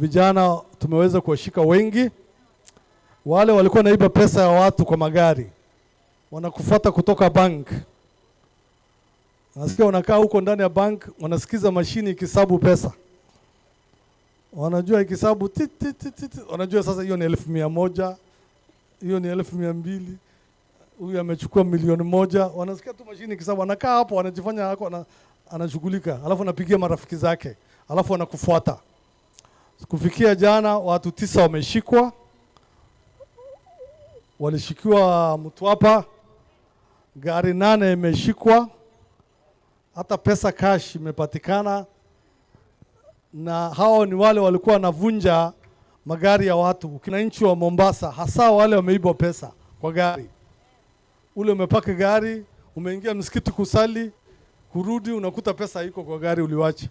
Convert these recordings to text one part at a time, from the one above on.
vijana tumeweza kuwashika wengi. Wale walikuwa naiba pesa ya watu kwa magari, wanakufuata kutoka bank, nasikia wanakaa huko ndani ya bank, wanasikiza mashini ikisabu pesa, wanajua ikisabu tit, tit, tit, Wanajua sasa hiyo ni elfu mia moja hiyo ni elfu mia mbili huyu amechukua milioni moja. Wanasikia tu mashini ikisabu, anakaa hapo, anajifanya anashughulika, alafu anapigia marafiki zake, alafu anakufuata Kufikia jana watu tisa wameshikwa, walishikiwa Mtwapa, gari nane imeshikwa, hata pesa cash imepatikana, na hao ni wale walikuwa wanavunja magari ya watu, ukinanchi wa Mombasa, hasa wale wameibwa pesa kwa gari. Ule umepaka gari, umeingia msikiti kusali, kurudi unakuta pesa iko kwa gari uliwacha.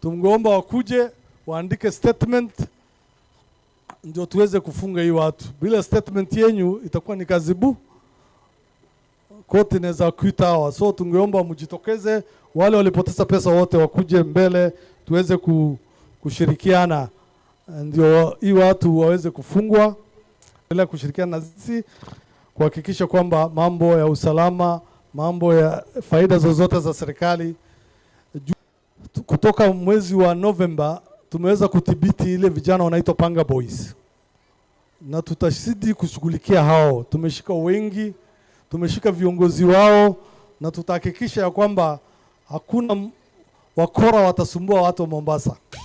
tumgomba wakuje waandike statement ndio tuweze kufunga hii watu. Bila statement yenyu itakuwa ni kazi bu koti inaweza kuita hawa, so tungeomba mjitokeze, wale walipoteza pesa wote wakuje mbele tuweze kushirikiana ndio hii watu waweze kufungwa, bila kushirikiana na sisi kuhakikisha kwamba mambo ya usalama, mambo ya faida zozote za serikali kutoka mwezi wa Novemba tumeweza kudhibiti ile vijana wanaitwa panga boys, na tutazidi kushughulikia hao. Tumeshika wengi, tumeshika viongozi wao, na tutahakikisha ya kwamba hakuna wakora watasumbua watu wa Mombasa.